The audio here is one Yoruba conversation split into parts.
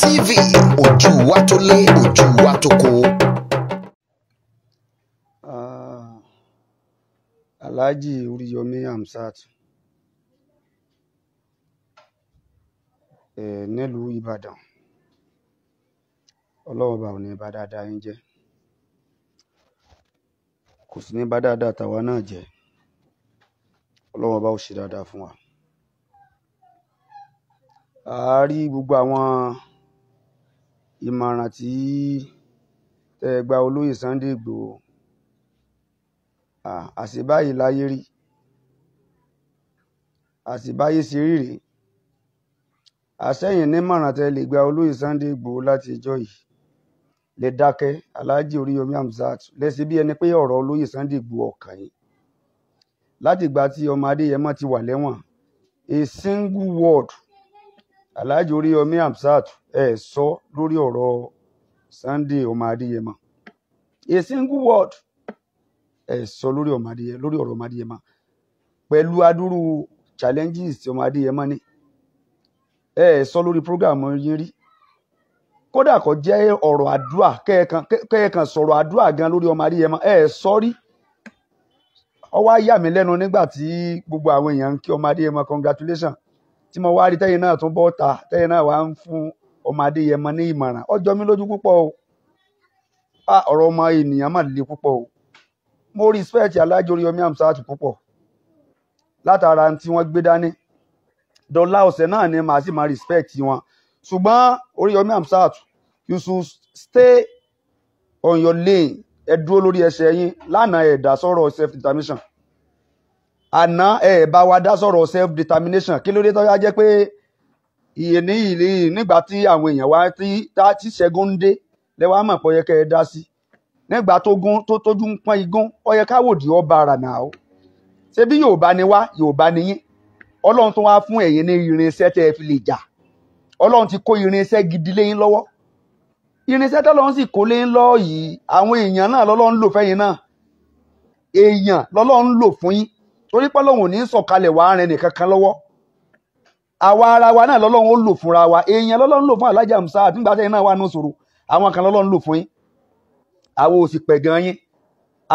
TV ojú wa tó lé ojú wa tó kó. Ah, Alhaji Oríyọmí Hamzat eh, nílùú Ìbàdàn ọlọ́run bá ò ní bá dáadáa yín jẹ́ kò sì ní bá dáadáa tàwa náà jẹ́ ọlọ́run bá ò ṣe dáadáa fún wa a rí gbogbo Àwọn ìmọ̀ràn tí tẹ́ ẹ gba olóyè Sunday Ìgbòho àṣebáyé láyé rí àṣebáyé ṣe rí rèé àṣẹyìn nímọ̀ràn tẹ́ lè gba olóyè Sunday Ìgbòho láti ìjọ yìí lè dákẹ́ aláàjì Oríyọmí Hamzat lẹ́sìn bí ẹni pé ọ̀rọ̀ olóyè Sunday Ìgbòho ọ̀kàn yìí látìgbà tí ọmọ Adéyẹmọ ti wà lẹ́wọ̀n a single word aláàjì oríyọmí hamsat ẹ sọ lórí ọ̀rọ̀ sunday ọmọ adéyẹmọ a single word ẹ sọ lórí ọmọ adéyẹmọ lórí ọ̀rọ̀ ọmọ adéyẹmọ pẹ̀lú adúrú challenges tí ọmọ adéyẹmọ ní ẹ sọ lórí program yín rí kódà kò jẹ́ ọ̀rọ̀ àdúrà kẹ́ẹ̀kan sọ̀rọ̀ àdúrà gan lórí ọmọ adéyẹmọ ẹ sọ rí ó wá yà mí lẹ́nu nígbà tí gbogbo àwọn èèyàn ń kí ọmọ congratulation tí mo wá rí tẹ́yìn náà tún bọ́ ta tẹ́yìn náà wá ń fún ọmọ adéyẹmọ ní ìmọ̀ràn ó jọ lójú púpọ̀ o a ọ̀rọ̀ ọmọ ènìyàn mà le púpọ̀ o mo respect Alhaji Oríyọmí Hamzat púpọ̀ látara tí wọ́n gbé dání dọ́là ọ̀sẹ̀ náà ni màá sì máa respect wọn ṣùgbọ́n Oríyọmí Hamzat you should stay on your lane ẹ dúró lórí ẹsẹ̀ yín lánàá ẹ̀dá sọ̀rọ̀ self determination àná ẹ bá wa dá sọ̀rọ̀ self determination kí ló dé tó yá jẹ́ pé ìyè ní ìlú nígbà tí àwọn èèyàn wa tí tá tí ṣẹ́gun ń dé lẹ́wàá mọ̀ pọ̀ yẹ kẹ́ ẹ dá sí nígbà tó gún tó tójú ń pọ́n igún ó yẹ káwòdì ọba ara náà o ṣé bí Yorùbá ni wá Yorùbá ni yín Ọlọ́run tó wá fún ẹ̀yin ní irinṣẹ́ tẹ́ ẹ fi lè jà Ọlọ́run ti kó irinṣẹ́ gidi léyìn lọ́wọ́ irinṣẹ́ tọ́lọ́run sì kó léyìn lọ́ọ́ yìí àwọn èèyàn náà lọ́lọ́run lò fẹ́yìn náà èèyàn lọ́lọ́run lò fún yín torí pé Ọlọ́run ò ní sọ̀kalẹ̀ wàá rìn nìkan kan lọ́wọ́ àwa ara wa náà lọ́lọ́run ó lò fúnra wa èèyàn lọ́lọ́run lò fún alájà musa àtúngbà tẹ́yìn náà wà ní òṣòro àwọn kan lọ́lọ́run lò fún yín àwọn òsì pẹ̀gàn yín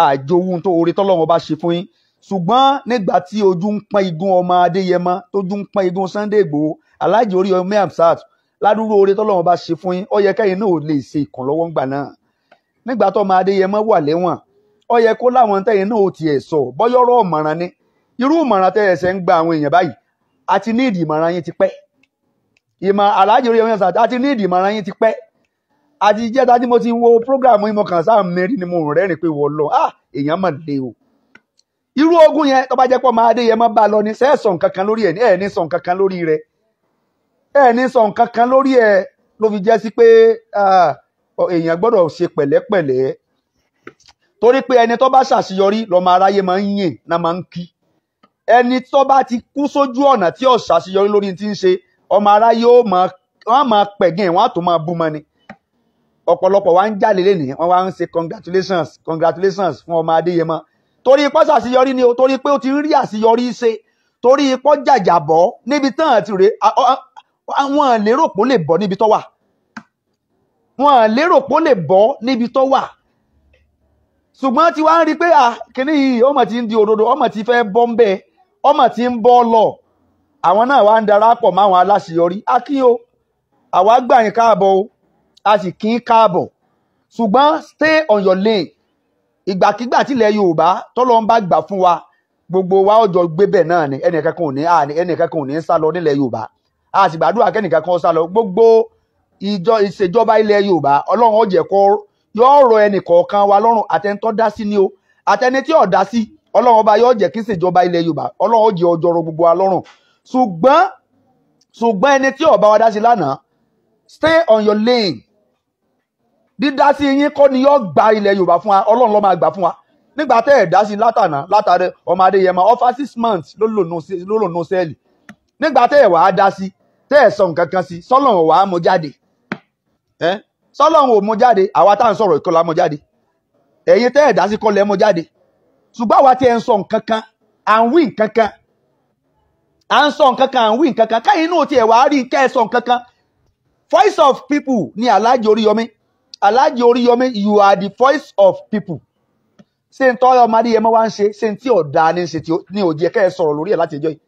àjòwú tó orí tọ́lọ́run bá ṣe fún yín ṣùgbọ́n nígbà tí ojú ń pọ́n igun ọmọ adéyẹmọ tójú ń pọ́n igun Sunday Igboho aláàjì orí ọmọ amsat ládùúgbò orí tọ́lọ́run bá ṣe fún yín ó yẹ kẹ́yìn náà lè ṣe ìkànlọ́wọ́ ńgbà náà nígbà tó ọmọ adéyẹmọ wà lẹ́wọ̀n ó yẹ kó láwọn tẹ́yìn náà ò tiẹ̀ sọ bọ́yọ́rọ́ ọ̀mọ̀ràn ni irú ìmọ̀ràn tẹ́ ẹ̀sẹ̀ ń gba àwọn èèyàn báyìí a ti ní ìdí ìmọ̀ràn yín ti pẹ́ ìmọ̀ aláàjì orí a ti ní ìdí ìmọ̀ràn yín ti pẹ́ àti ìjẹta tí mo ti wo prógráàmù yín mo kàn sáà ni mo rẹ́rìn pé ah èèyàn le o irú ogun yẹn tó jẹ́ máa dé yẹn má bá lọ ní sọ lórí ẹ̀ ẹ̀ ní lórí ẹ̀ ní sọ lórí ẹ̀ ló fi jẹ́ sí pé ah, èèyàn gbọ́dọ̀ ẹni tó bá ti kú sójú ọ̀nà tí ó ṣàṣeyọrí lórí ti ń ṣe ọmọ aráyé ó mọ wọn mọ pẹ̀gìn wọn á tún mọ bú mọ ni ọ̀pọ̀lọpọ̀ wa ń jáde lẹ́nìí wọ́n wá ń ṣe congratulations congratulations fún ọmọ Adéyẹmọ torí ipá ṣàṣeyọrí ni o torí pé o ti ń rí àṣeyọrí ṣe torí ipò jàjàbọ́ níbi tán àti rè àwọn lérò pé ó lè bọ́ níbi tó wà wọn lérò pé ó lè bọ́ níbi tó wà ṣùgbọ́n tí wàá rí pé à yìí ọmọ ti ń di òdodo ọmọ ti fẹ́ bọ́ ń bẹ́ẹ̀ ọmọ tí ń bọ́ lọ àwọn náà wá ń darapọ̀ máwọn aláṣeyọrí a kí o àwa gbà yín káàbọ̀ o a sì kí káàbọ̀ ṣùgbọ́n stay on your lane ìgbàkigbà tilẹ̀ Yorùbá tọ́lọ́ ń bá gbà fún wa gbogbo wa ọjọ́ gbébẹ̀ náà ni ẹnìkan kan ò ní ẹnìkan kan ò ní sá lọ nílẹ̀ Yorùbá a sì gbàdúrà kẹ́nìkan kan sá lọ gbogbo ìjọ ìṣèjọba ilẹ̀ Yorùbá Ọlọ́run ó jẹ́ kó yọ ọ̀rọ̀ ẹnìkọ̀ọ̀kan wa lọ́rùn àtẹnitọ́ dá sí ni o àtẹnití ọ̀dá sí ọlọ́run ọba yóò jẹ́ kí ìṣèjọba ilẹ̀ yorùbá ọlọ́run ó jẹ́ ọjọ́rò gbogbo alọ́rùn ṣùgbọ́n ṣùgbọ́n ẹni tí ọba wa dá sí lánàá stay on your lane dídá sí yín kọ́ ni yóò gba ilẹ̀ yorùbá fún wa ọlọ́run ló máa gbà fún wa nígbà tẹ́ ẹ̀ dá sí látànà látàrẹ ọmọ adéyẹmọ ọfà six months ló lò nù sẹ́ẹ̀lì nígbà tẹ́ ẹ̀ wàá dá sí tẹ́ ẹ̀ sọ nǹkan kan sí sọ́lọ́run wàá mú jáde sọ́lọ́run ò mú jáde àwa tá à ń sọ̀rọ̀ ìkọlà mú jáde ẹ̀yin ṣùgbọ́n àwa ti ẹ̀ ń sọ nǹkan kan à ń wí nǹkan kan à ń sọ nǹkan kan à ń wí nǹkan kan káyìn inú ti ẹ̀ wá rí kẹ́ ẹ sọ nǹkan kan voice of people ni Alhaji Oríyọmí Alhaji Oríyọmí you are the voice of people ṣé n tọ́yọ̀ ọmọdé yẹn mọ́ wá ń ṣe ṣé n tí ọ̀dà ni ṣe ni ò jẹ́ kẹ́ ẹ sọ̀rọ̀ lórí ẹ̀ láti ẹjọ́ yìí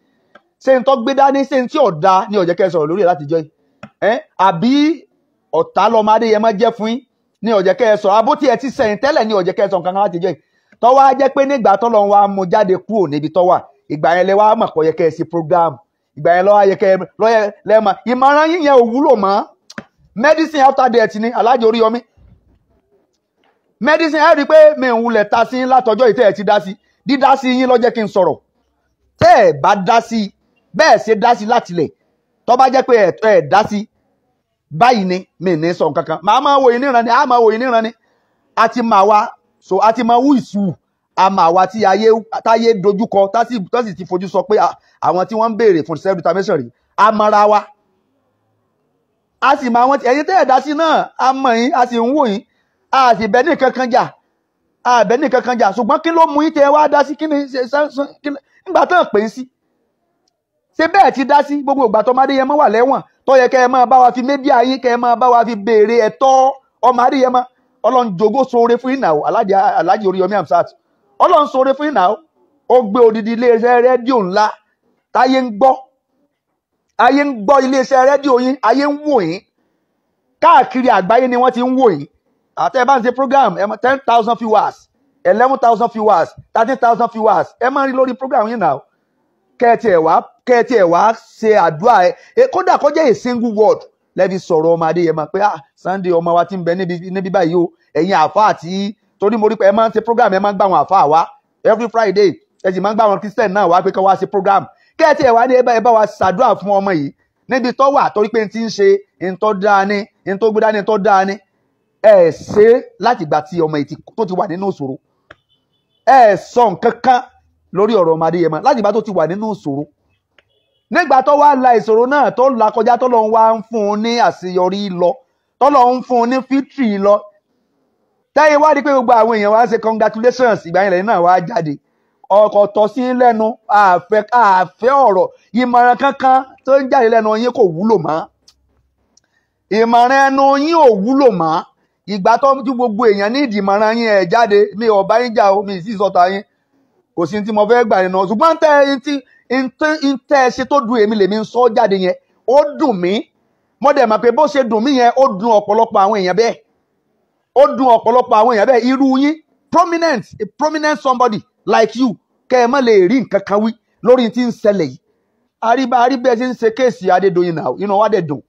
ṣé n tọ́ gbé dání ṣé n tí ọ̀dà ni ò jẹ́ kẹ́ ẹ sọ̀rọ̀ lórí ẹ̀ láti ẹjọ́ yìí ẹ́ àbí ọ̀tá lọ́mọdé yẹn mọ́ jẹ́ fún yín ni ò jẹ́ kẹ́ ẹ sọ̀rọ̀ abó tí ẹ ti sẹ̀yìn tẹ́lẹ̀ ni ò jẹ́ sọ̀rọ̀ kankan láti ẹjọ́ yìí Tọwaa wá jẹ́ pé nígbà tọ́lọ́ wa mú jáde kúrò níbi tó wà ìgbà yẹn lẹ wá mọ̀ kọ́ yẹ kẹ́ ìgbà yẹn yẹ kẹ́ ẹ ìmọ̀ràn medicine after death ni alájọ medicine ẹ i pé mi ń wulẹ̀ ta sí látọjọ́ ìtẹ́ ẹ ti dá sí dídá sí yín kí n sọ̀rọ̀ tẹ́ ẹ bá dá sí bẹ́ẹ̀ ṣe dá sí látilẹ̀ bá jẹ́ pé ẹ dá sí báyìí ni mi ní sọ kankan. màá máa níran ni àá máa níran ni àti màá wa so a ti mọ wú ìsú àmọ́ àwa tí ayé táyé dojúkọ tásì ti fojú sọ pé àwọn tí wọ́n ń béèrè fún self determination rí a mọra wa a sì mọ àwọn ẹ̀yin tẹ́ ẹ̀ dá sí náà a mọ̀ yín a sì ń wò yín a sì bẹ́ ní kankan jà a bẹ́ ní kankan jà ṣùgbọ́n kí ló mú yín tẹ́ ẹ wá dá sí kí ni nígbà tán pè é sí ṣé bẹ́ẹ̀ ti dá sí gbogbo ìgbà tọ́mọ Adéyẹmọ wà lẹ́wọ̀n tó kẹ́ ẹ máa bá wa fi méjì ayín kẹ́ ẹ máa bá wa fi béèrè ẹ̀tọ́ ọmọ Adéyẹmọ ọlọ́run jogó sóore fún ìnáwó aláàjì Oríyọmí Hamzat ọlọ́run sóore fún ìnáwó ó gbé odidi iléeṣẹ́ rédíò ńlá táyé ń gbọ́ ayé ń gbọ́ iléeṣẹ́ rédíò yín ayé ń wò yín káàkiri àgbáyé ni wọ́n ti ń wò yín àtẹ bá ń ṣe program ten thousand viewers eleven thousand viewers thirteen thousand viewers ẹ máa ń rí lórí program yín náà kẹ́ẹ̀tì ẹ̀ wá kẹ́ẹ̀tì ẹ̀ wá ṣe àdúrà ẹ kódà kó jẹ́ a single word lẹ́fi sọ̀rọ̀ ọmọ Adéyẹmọ pé ah Sunday ọmọ wa ti ń bẹ níbí báyìí o ẹ̀yin àfáà tí torí mo rí pé ẹ máa ń ṣe program ẹ máa ń gbà wọn àfáà wá every Friday ẹ sì máa ń gbà wọn Christian náà wá pé kí wọ́n wá ṣe program kẹ́ẹ̀tì ẹ̀ wá ní ẹ bá wa ṣàdúrà fún ọmọ yìí níbi tó wà torí pé n ti ń ṣe n tó dáa ní n tó gbé dání n tó dáa ní ẹ ṣe láti ìgbà tí ọmọ yìí tó ti wà nínú ìṣòro ẹ sọ nǹkan kan lórí ọ̀rọ̀ ọmọ Adéyẹmọ láti ìgbà tó ti wà nínú ìṣòro nígbà tó wá la ìṣòro náà tó la kọjá tó lọ wá ń fún un ní àṣeyọrí lọ tó lọ ń fún un ní fítírì lọ tẹ́yìn wá pé gbogbo àwọn èèyàn wá ṣe congratulations ìgbà yẹn náà wá jáde ọkọ̀ sí lẹ́nu àfẹ́ ọ̀rọ̀ kankan tó ń jáde kò wúlò mọ́ ẹnu yín ò mọ́ ìgbà tó gbogbo èèyàn ní o ntẹ́ ẹ ṣe tó dùn èmi lèmi ń sọ ọ́ jáde yẹn ó dùn mí mo dẹ̀ mọ̀ pé bó ṣe dùn mí yẹn ó dùn ọ̀pọ̀lọpọ̀ àwọn èèyàn bẹ́ẹ̀ ó dùn ọ̀pọ̀lọpọ̀ àwọn èèyàn bẹ́ẹ̀ irú yín prominent a prominent somebody like you kẹ́ ẹ má lè rí nǹkan kan wí lórí tí ń ṣẹlẹ̀ yìí àríbá àríbẹ̀ ṣe ń ṣe kéèsì Adédoyin náà inú wa dẹ̀ dùn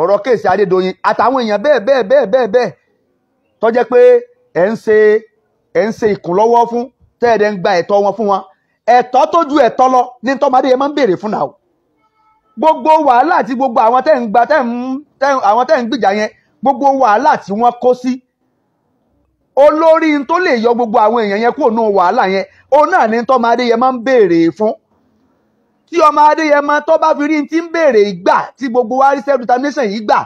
ọ̀rọ̀ kéèsì Adédoyin àtàwọn èèyàn bẹ́ẹ̀ bẹ́ẹ̀ bẹ́ẹ̀ bẹ́ẹ̀ bẹ́ẹ̀ tó jẹ́ pé ẹ̀ ń ṣe ẹ̀ ń ṣe ìkùnlọ́wọ́ fún tẹ́ẹ̀dẹ̀ ń gba ẹ̀tọ́ wọn fún wọn ẹ̀tọ́ tó ju ẹ̀tọ́ lọ ní tọ́mọdé yẹn máa ń béèrè fún náà gbogbo wàhálà àti gbogbo àwọn tẹ́ ń àwọn tẹ́ ń gbìjà yẹn gbogbo wàhálà tí wọ́n kó sí olórí tó lè yọ gbogbo àwọn èèyàn yẹn kúrò nù wàhálà yẹn òun náà ní tọ́mọdé yẹn máa ń fún tí ọmọ adéyẹmọ tó bá fi rí ti gbogbo wa determination yìí gbà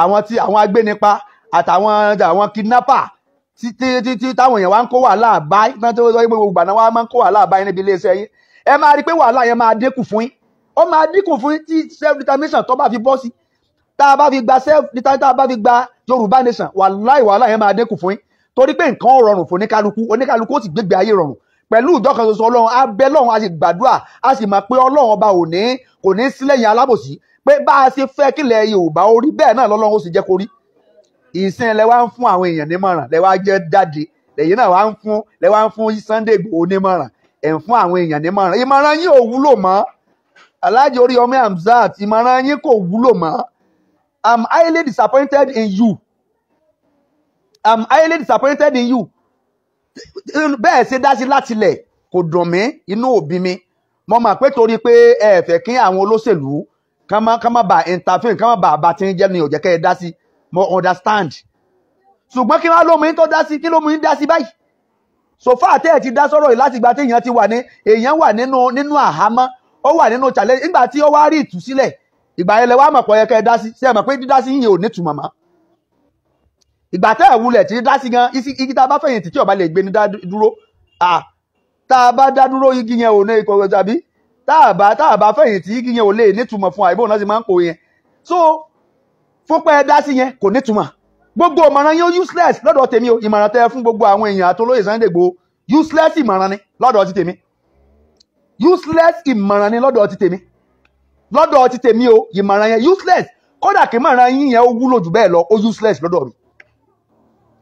àwọn tí àwọn agbénipa àtàwọn àwọn kidnapper títí títí táwọn èèyàn wá ń kó wàhálà báyìí náà tó wọ́n gbogbo ìgbà náà wá máa ń kó wàhálà báyìí níbi iléeṣẹ́ yín ẹ máa rí i pé wàhálà yẹn máa dínkù fún yín ó máa dínkù fún yín tí self determination tó bá fi bọ́ sí tá a bá fi gba self determination tá a bá fi gba Yorùbá nation wàhálà wàhálà yẹn máa dínkù fún yín torí pé nǹkan rọrùn fún oníkálukú oníkálukú ó sì gbégbé ayé rọrùn pẹ̀lú ìjọkànṣoṣo Ọlọ́run á bẹ Ọlọ́run á sì gbàdúrà á sì máa pé Ọlọ́run ọba òní kò ní sílẹ̀yìn alábòsí pé bá a ṣe fẹ́ kílẹ̀ Yorùbá orí bẹ́ẹ̀ náà lọ́lọ́run ó sì jẹ́ kó ìsìn lẹ wá ń fún àwọn èèyàn nímọ̀ràn lẹ wá jẹ́ dáde lẹ́yìn náà wá ń fún lẹ wá ń fún Sunday Igboho nímọ̀ràn ẹ̀ ń fún àwọn èèyàn nímọ̀ràn ìmọ̀ràn yín ò wúlò mọ́ Alhaji Oríyọmí Hamzat ìmọ̀ràn yín kò wúlò mọ́ I'm highly disappointed in you I'm highly disappointed in you bẹ́ẹ̀ ṣe dá sí látilẹ̀ kò dùn mí inú òbí mi mo mà pé torí pé ẹ fẹ́ kí àwọn olóṣèlú kama kama ba interfere kama ba ba ti ń jẹ́ ni ò jẹ́ kẹ́ ẹ dá mo understand ṣùgbọ́n kí wọ́n ló mú yín tó dá sí kí ló mú yín dá sí báyìí sofa àtẹ ẹ ti dá sọ̀rọ̀ yìí láti gba tí èèyàn ti wà ní èèyàn wà nínú nínú àhámọ́ ó wà nínú challenge nígbà tí ó wá rí ìtúsílẹ̀ ìgbà yẹn lẹ wá mọ̀ pọ̀ yẹ kẹ́ ẹ dá sí ṣe é mọ̀ pé dídá sí yìí ò ní tùmọ̀ mọ́ ìgbà tẹ́ ẹ̀ wulẹ̀ tí dá sí gan igi tá a bá fẹ̀yìntì tí ọba lè gbé ní dá dúró tá a bá dá dúró igi yẹn ò ní ikọ̀ tàbí táàbà táàbà fẹ̀yìntì igi yẹn ò lè nítumọ̀ fún àìbò náà sì máa ń pò yẹn so fúnpẹ́ dá sí yẹn kò nítumọ̀ gbogbo ìmọ̀ràn yẹn useless lọ́dọ̀ tèmi o ìmọ̀ràn tẹ fún gbogbo àwọn èèyàn àtolóyè Sunday Igboho useless ìmọ̀ràn ni lọ́dọ̀ ti tèmi useless ìmọ̀ràn ni lọ́dọ̀ ti tèmi lọ́dọ̀ ti tèmi o ìmọ̀ràn yẹn useless kódà kí mọ̀ràn yín yẹn ó wúlò jù bẹ́ẹ̀ lọ ó useless lọ́dọ̀ mi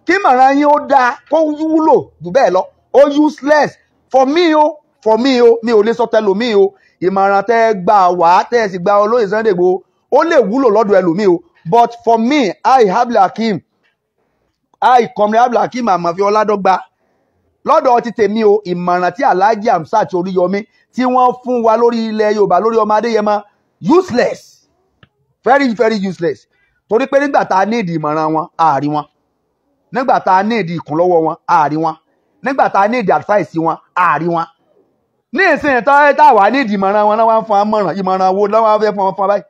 kí mọ̀ràn yín ó dáa kó wúlò jù bẹ́ẹ̀ for me o fọ mí o mi ò lè sọ tẹlòmíì o ìmọ̀ràn tẹ́ gbà wá tẹ́ ẹ sì gba olóyè Sunday ó lè wúlò lọ́dọ̀ ẹlòmíì o but for me I Abdul Hakeem I comrade Abdul Hakeem Amọ̀fin Ọládọ́gba lọ́dọ̀ ti tèmi o ìmọ̀ràn tí Alhaji Hamsat Oríyọmí tí wọ́n fún wa lórí ilẹ̀ Yorùbá lórí ọmọ Adéyẹmọ useless very very useless torí pé nígbà tá a ní ìdí ìmọ̀ràn wọn àárí wọn nígbà tá a ní ìdí ìkúnlọ́wọ́ wọn àárí wọn nígbà tá a ní advice wọn àárí wọn ní ìsìn tó ẹ tá wà nídìí ìmọ̀ràn wọn náà wá ń fún amọ̀ràn ìmọ̀ràn wo náà wá fẹ́ fún wọn fún abáyé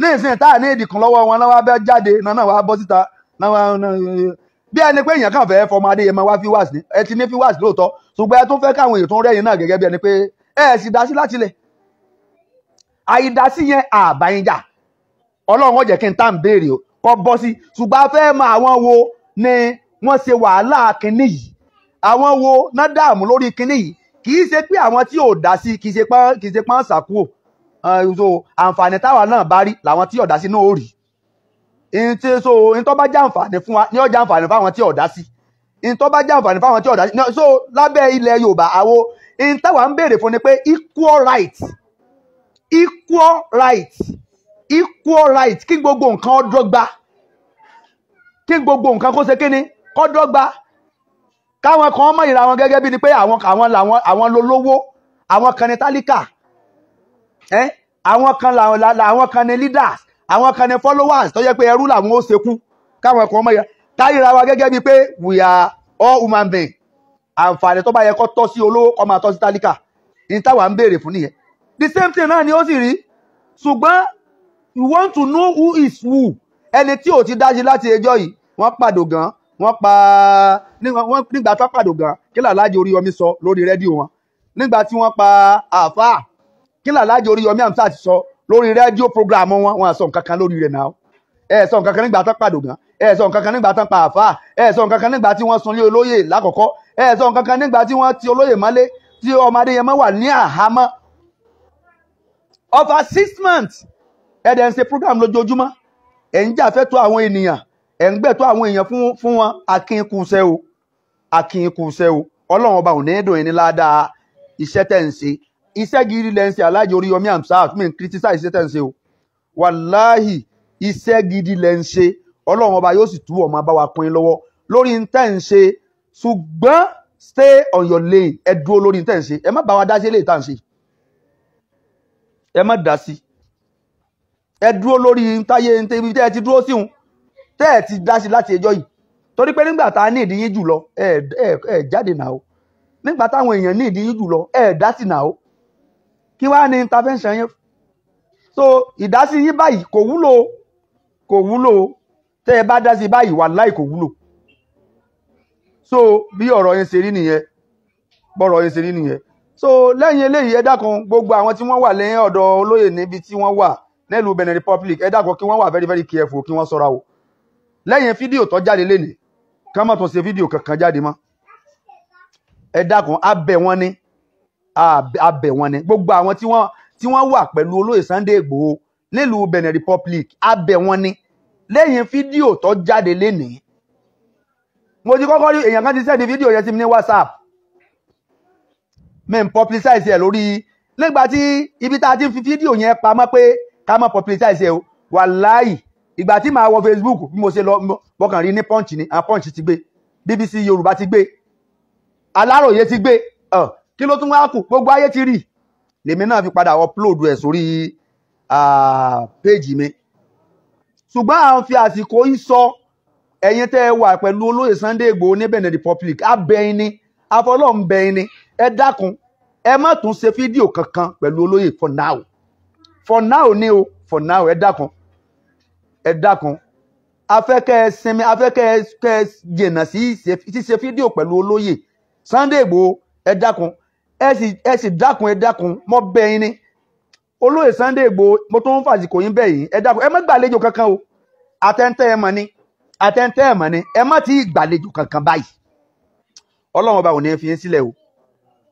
ní ìsìn tá nídìí kan lọ́wọ́ wọn náà wá bẹ́ jáde náà wá bọ́ síta náà bí ẹni pé èèyàn kàn fẹ́ fọmọ Adéyẹmọ wá fi wá sí ẹ ti ní fi wá sí lóòótọ́ ṣùgbọ́n ẹ tún fẹ́ káwọn èèyàn tó ń rẹ́yìn náà gẹ́gẹ́ bí ẹni pé ẹ sì dá sí láti lẹ̀ àìdásí yẹn àbáyínjà Ọlọ́run ó kí n tá à béèrè o kọ́ bọ́ sí ṣùgbọ́n a fẹ́ mọ àwọn wo ni wọ́n ṣe wàhálà kínní yìí àwọn wo náà dààmú lórí kínní yìí kì í ṣe pé àwọn tí ò dá sí kì í ṣe pọ́n kì í ṣe pọ́n ṣàkóò so àǹfààní táwa náà bá rí làwọn tí ò dá sí náà ò rí ntí so ntọ́ bá jàǹfààní fún wa ní ọjà àǹfààní fáwọn tí ò dá sí ntọ́ bá jàǹfààní fáwọn tí ò dá sí so lábẹ́ ilẹ̀ Yorùbá àwo ntáwa ń béèrè fún ni pé equal right equal right equal right kí gbogbo nǹkan ó dọ́gba kí gbogbo nǹkan kó ṣe kíni kó dọ́gba káwọn kan mọ̀ ìra wọn gẹ́gẹ́ bí ni pé àwọn àwọn làwọn àwọn lolówó àwọn kan ni tálíkà ẹ àwọn kan làwọn làwọn kan ni leaders àwọn kan ni followers tó yẹ pé ẹrú làwọn ó ṣekú káwọn kan mọ̀ ìra káyìra wa gẹ́gẹ́ bí pé we are all human being àǹfààní tó bá yẹ kó tọ́ sí olówó kó máa tọ́ sí tálíkà ní táwa ń béèrè fún nìyẹn the same thing náà ni ó sì rí ṣùgbọ́n you want to know who is who ẹni tí ò ti dájú láti ẹjọ́ yìí wọ́n pàdó gan-an wọ́n pa nígbà tó pàdògán kí làlájì Oríyọmí sọ lórí rédíò wọn nígbà tí wọ́n pa àáfàá kí làlájì Oríyọmí àmsà ti sọ lórí rédíò program wọn wọn àsọ nǹkan kan lórí rẹ̀ náà ẹ sọ nǹkan kan nígbà tó pàdògán ẹ sọ nǹkan kan nígbà tó pa àáfàá ẹ sọ nǹkan kan nígbà tí wọ́n sunlé olóyè lákọ̀ọ́kọ́ ẹ sọ nǹkan kan nígbà tí wọ́n ti olóyè mọ́lé tí ọmọ Adéyẹmọ wà ní àhámọ́ over six months ẹ dẹ̀ ń ṣe program lójoojúmọ́ ẹ̀ ń jà fẹ́ tó àwọn ẹ̀ ń gbẹ̀tọ́ àwọn èèyàn fún fún wọn akínkùsẹ́ o akínkùsẹ́ o ọlọ́run ọba ò ní dùn yín ní ládàá iṣẹ́ tẹ̀ ń ṣe iṣẹ́ gidi lẹ́ ń ṣe aláàjì Oríyọmí Hamzat mi ń criticize iṣẹ́ tẹ̀ ń ṣe o wàláhì iṣẹ́ gidi lẹ́ ń ṣe ọlọ́run ọba yóò sì tú ọmọ bá wa pín lọ́wọ́ lórí ń tẹ̀ ń ṣe ṣùgbọ́n stay on your lane ẹ dúró lórí ń tẹ̀ ń ṣe ẹ má bá wa dá sí eléyìí ń ṣe ẹ má dá sí ẹ dúró lórí ń táyé ń tẹ́ ibi tẹ́ ẹ ti dúró síhun tẹ́ ẹ̀ ti dá sí láti ẹjọ́ yìí torí pé nígbà tá a ní ìdíyín jùlọ ẹ ẹ ẹ jáde nàá o nígbà táwọn èèyàn ní ìdíyín jùlọ ẹ dá sí nàá o kí wàá ní intervention yẹn so ìdásí yín báyìí kò wúlò kò wúlò tẹ́ ẹ bá dá sí báyìí wàláì kò wúlò so bí ọ̀rọ̀ yẹn ṣe rí nìyẹn bọ́rọ̀ yẹn ṣe rí nìyẹn so lẹ́yìn eléyìí ẹ dákun gbogbo àwọn tí wọ́n wà lẹ́yìn ọ̀dọ̀ olóyè níbi tí wọ́n wà nílùú Benin Republic ẹ dákun kí wọ́n wà very very careful kí wọ́n ṣọ́ra o lẹ́yìn fídíò tó jáde lé ní kán má tún ṣe fídíò kankan jáde mọ́ ẹ dákun abẹ wọn ni abẹ wọn ni gbogbo àwọn tí wọ́n tí wọ́n wà pẹ̀lú olóyè Sunday Igboho nílùú Benin Republic abẹ wọn ni lẹ́yìn fídíò tó jáde lé ní mo ti kọ́kọ́ rí èèyàn kan ti sẹ́ni fídíò yẹn sí mi ní WhatsApp mi n publicize ẹ lórí nígbà tí ibi tá a ti ń fi fídíò yẹn pamọ́ pé ká má publicize ẹ o wàláì ìgbà tí màá wọ Facebook bí mo ṣe lọ mọkàn rí ní punch ni àwọn punch ti gbé BBC Yorùbá ti gbé Aláròye ti gbé kí ló tún wá kù gbogbo ayé ti rí lèmi náà fi padà upload ẹ̀ sórí péjì mi ṣùgbọ́n à ń fi àsìkò yìí sọ ẹ̀yin tẹ́ ẹ wà pẹ̀lú olóyè Sunday Igboho ní Benin Republic abẹ́yìn ni afọlọ́ọ̀nbẹ́yìn ni ẹ dákun ẹ má tún ṣe fídíò kankan pẹ̀lú olóyè for now for now ni o for now ẹ dákun ẹ dákun afẹ́kẹ́ ẹ sinmi afẹ́kẹ́ ẹ jìnnà sí ṣíṣe fídíò pẹ̀lú olóyè Sunday Igboho ẹ dákun ẹ sì ẹ sì dákun ẹ dákun mọ́ bẹ̀ yín ni olóyè Sunday Igboho mo tún ń fàsìkò yín bẹ̀ yín ẹ dákun ẹ má gbàlejò kankan o àtẹ̀ntẹ̀ ẹ mọ̀ ni àtẹ̀ntẹ̀ ẹ mọ̀ ni ẹ má ti gbàlejò kankan báyìí ọlọ́run ọba ò ní fi yín sílẹ̀ o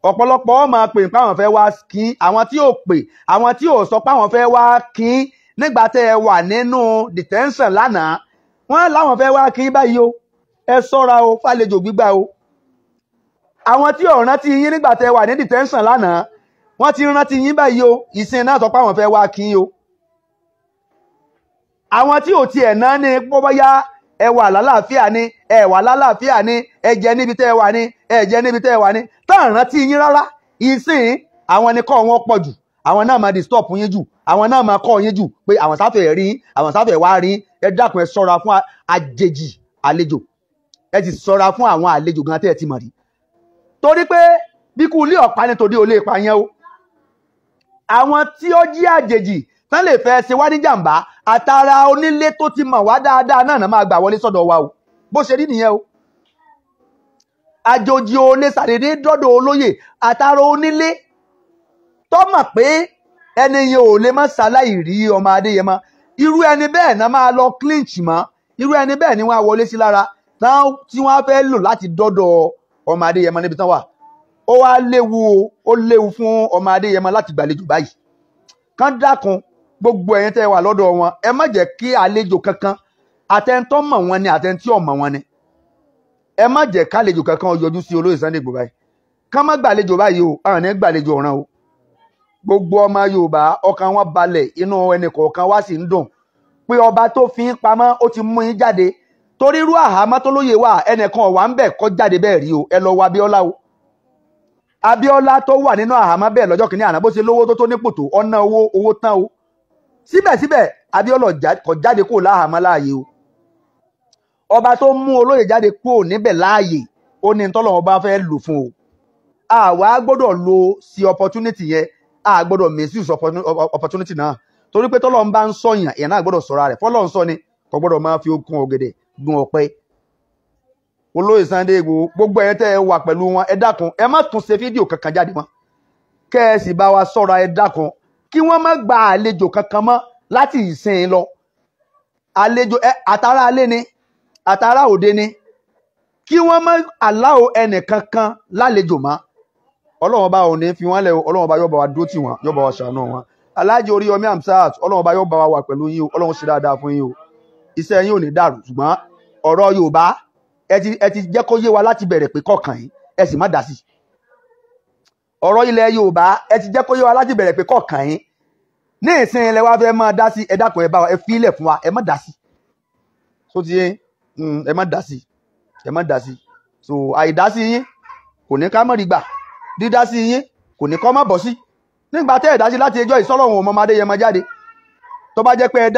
ọ̀pọ̀lọpọ̀ máa pè pé àwọn fẹ́ wá kín àwọn tí ò pè àwọn tí ò sọ pé àwọn fẹ́ wá kín nígbà tẹ́ ẹ wà nínú detention lánàá wọ́n láwọn fẹ́ wá kí báyìí o ẹ sọ́ra o fàlejò gbígbà o àwọn tí ọ̀ràn ti yín nígbà tẹ́ ẹ wà ní detention lánàá wọ́n ti rántí yín báyìí o ìsìn náà sọ pé àwọn wá kí o àwọn tí ò tiẹ̀ náà ní pọ́bọ́yá ẹ wà lálàáfíà ni ẹ wà lálàáfíà ni ẹ jẹ níbi tẹ́ ẹ wà ni ẹ jẹ níbi tẹ́ ẹ wà ni tán rántí yín rárá ìsìn àwọn ẹnikọ́ wọn pọ̀ jù àwọn náà máa disturb yín jù àwọn náà máa kọ́ yín jù pé àwọn sáfẹ́ rí àwọn sáfẹ́ wá rí ẹ dákun ẹ sọ́ra fún àjèjì àlejò ẹ ti sọ́ra fún àwọn àlejò gan tẹ́ ẹ ti mọ̀ rí torí pé bí kú ilé ọ̀pá ni tòde olè pa yẹn o àwọn tí ó jí àjèjì tán lè fẹ́ ṣe wá ní jàǹbá àtàrà onílé tó ti mọ̀ wá dáadáa náà máa gbà wọlé sọ́dọ̀ wa o bó ṣe rí nìyẹn o àjòjì olè ṣàdédé dọ́dọ̀ olóyè àtàrà onílé tọ́mọ̀ pé ẹni yẹn ò lè má ṣaláì rí ọmọ adéyẹmọ irú ẹni bẹ́ẹ̀ náà máa lọ clinch mọ́ irú ẹni bẹ́ẹ̀ ni wọ́n á wọlé sí lára tí wọ́n á fẹ́ lò láti dọ́dọ̀ ọmọ adéyẹmọ níbi tán wà ó wá léwu ó léwu fún ọmọ adéyẹmọ láti gbàlejò báyìí kán dákun gbogbo ẹ̀yin tẹ́ wà lọ́dọ̀ wọn ẹ má jẹ́ kí àlejò kankan àtẹ̀ntọ́ mọ̀ wọn ni àtẹ̀ntí ọ̀mọ̀ wọn ni ẹ má jẹ́ kálejò kankan yọjú sí olóyè Sunday Igboho báyìí kán má gbàlejò báyìí o àwọn ẹ̀ gbàlejò ọ̀ràn o gbogbo ọmọ yorùbá ọkàn wọn balẹ̀ inú ẹnìkọ̀ọ̀kan wá sì ń dùn pé ọba tó fi ń pamọ́ ó ti mú yín jáde torí irú àhámọ́ tó lóye wà ẹnìkan ọ̀wá ń bẹ̀ kọ́ jáde bẹ́ẹ̀ rí o ẹ lọ wọ abíọ́lá o abíọ́lá tó wà nínú àhámọ́ bẹ́ẹ̀ lọ́jọ́ kìíní àná bó ṣe lówó tó tó nípò tó ọ̀nà owó owó tán o síbẹ̀síbẹ̀ abíọ́lá kò jáde kúrò láhàámọ́ láàyè o ọba tó mú olóyè jáde kúrò níbẹ̀ láàyè ó ní tọ́lọ́wọ́n bá fẹ́ lò fún o àwa gbọ́dọ̀ lo si opportunity yẹn a gbọ́dọ̀ misuse opportunity náà torí pé tọ́lọ́ ń bá ń sọ̀yàn èèyàn náà gbọ́dọ̀ sọ̀ra rẹ̀ fọ́lọ́ ń sọ ni kò gbọ́dọ̀ máa fi okun ọ̀gẹ̀dẹ̀ gun ọ̀pẹ olóyè Sunday Igboho gbogbo ẹ̀yẹ tẹ́ ẹ wà pẹ̀lú wọn ẹ dákun ẹ má tún ṣe fídíò kankan jáde mọ́ kẹ́ ẹ sì bá wa sọ̀ra ẹ dákun kí wọ́n má gba àlejò kankan mọ́ láti ìsìn lọ àlejò ẹ àtàrà alé ni àtàrà òde ni kí wọ́n má allow ẹnìkankan lálejò mọ́ ọlọ́run bá òun ní fi wọ́n lẹ̀ ọlọ́run bá yọ̀bọ̀ wa dúró tì wọ́n yọ̀bọ̀ wa ṣàánú wọn aláàjì Oríyọmí Hamzat ọlọ́run bá yọ̀bọ̀ wa wà pẹ̀lú yín o ọlọ́run ṣe dáadáa fún yín o iṣẹ́ yín ò ní dàrú ṣùgbọ́n ọ̀rọ̀ Yorùbá ẹ ti jẹ́ kó yé wa láti bẹ̀rẹ̀ pé kọ̀ọ̀kan yín ẹ sì má dá sí ọ̀rọ̀ ilẹ̀ Yorùbá ẹ ti jẹ́ kó yé wa láti bẹ̀rẹ̀ pé kọ̀ọ̀kan yín ní ìsìn ilẹ̀ wa fẹ́ máa dá sí ẹ wa ẹ so ti yín ẹ so àìdásí yín kò ní dídá sí yín kò ní kọ́ má bọ́ sí nígbà tẹ́ ẹ̀ dá sí láti ẹjọ́ ìsọ́lọ́run ọmọ adéyẹmọ jáde tó bá jẹ́ pé ẹ